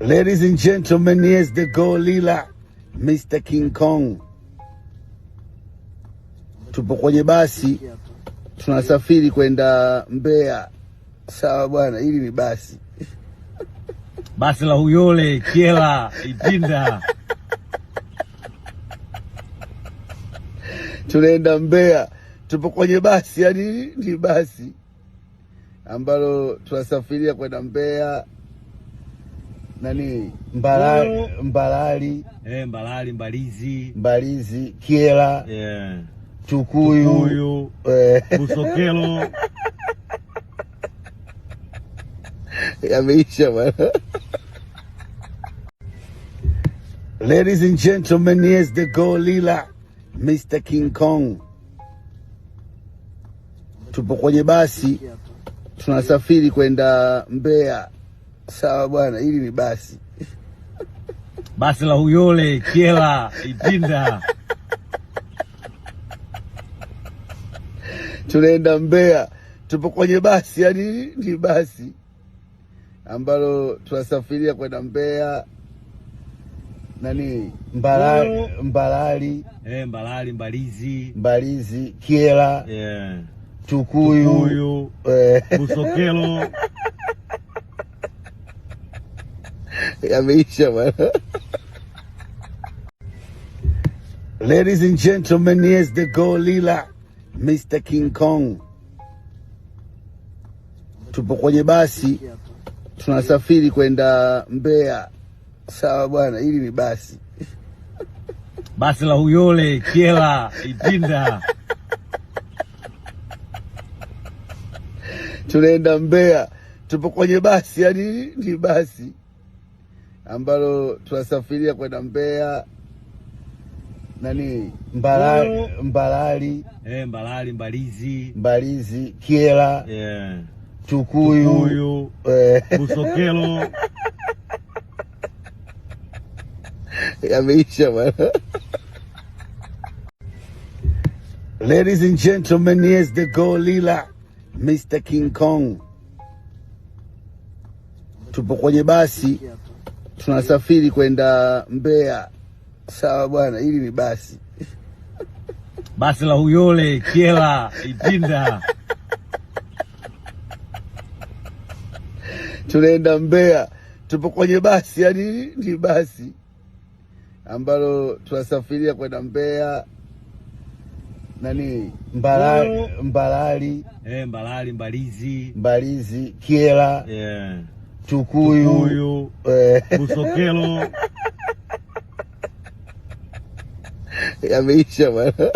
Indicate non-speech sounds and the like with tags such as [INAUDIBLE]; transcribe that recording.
Ladies and gentlemen, here's the gorilla Mr. King Kong. Tupo kwenye basi tunasafiri kwenda Mbeya. Sawa bwana, hili ni basi basi la Uyole Kiela Ipinda tunaenda Mbeya, tupo kwenye basi, yani ni basi ambalo tunasafiria kwenda Mbeya nani Mbalali, Mbalali, eh, Mbalali, Mbalizi, Mbalizi, Kiela, yeah. Tukuyu, Tukuyu eh. Busokelo [LAUGHS] yameisha bwana. Ladies and gentlemen, here's the gorilla Mr. King Kong. Tupo kwenye basi tunasafiri kwenda Mbeya. Sawa bwana, hili ni basi basi la Uyole Kyela Ipinda, tunaenda Mbeya. Tupo kwenye basi, yani ni basi ambalo tunasafiria kwenda Mbeya nani Mbalali, Mbalali, eh, Mbalali, Mbalizi, Mbalizi, Kyela, yeah. Tukuyu, Tukuyu. Eh. Busokelo [LAUGHS] [LAUGHS] yameisha bwana. Ladies and gentlemen, here's the gorilla Mr. King Kong. Tupo kwenye basi tunasafiri kwenda Mbeya. Sawa bwana, hili ni basi [LAUGHS] basi la Uyole Kiela Itinda tunaenda Mbeya, tupo kwenye basi, yani ni basi ambalo tunasafiria kwenda Mbeya nani Mbalali, Mbalali, eh, Mbalali, Mbalizi, Mbalizi, Kiela, yeah. Tukuyu, Tukuyu eh. Busokelo [LAUGHS] yameisha bwana. Ladies and gentlemen, here's the gorilla Mr. King Kong. Tupo kwenye basi tunasafiri kwenda Mbeya. Sawa bwana, hili ni basi basi la Uyole Kyela Itinda tunaenda Mbeya, tupo kwenye basi, yani ni basi ambalo tunasafiria kwenda Mbeya nani Mbalali, oh. Mbalali, eh, Mbalali, Mbalizi, Mbalizi, Kyela, yeah. Chucuyo. Chucuyo. É. Busoquelo. É [LAUGHS] a bicha, mano.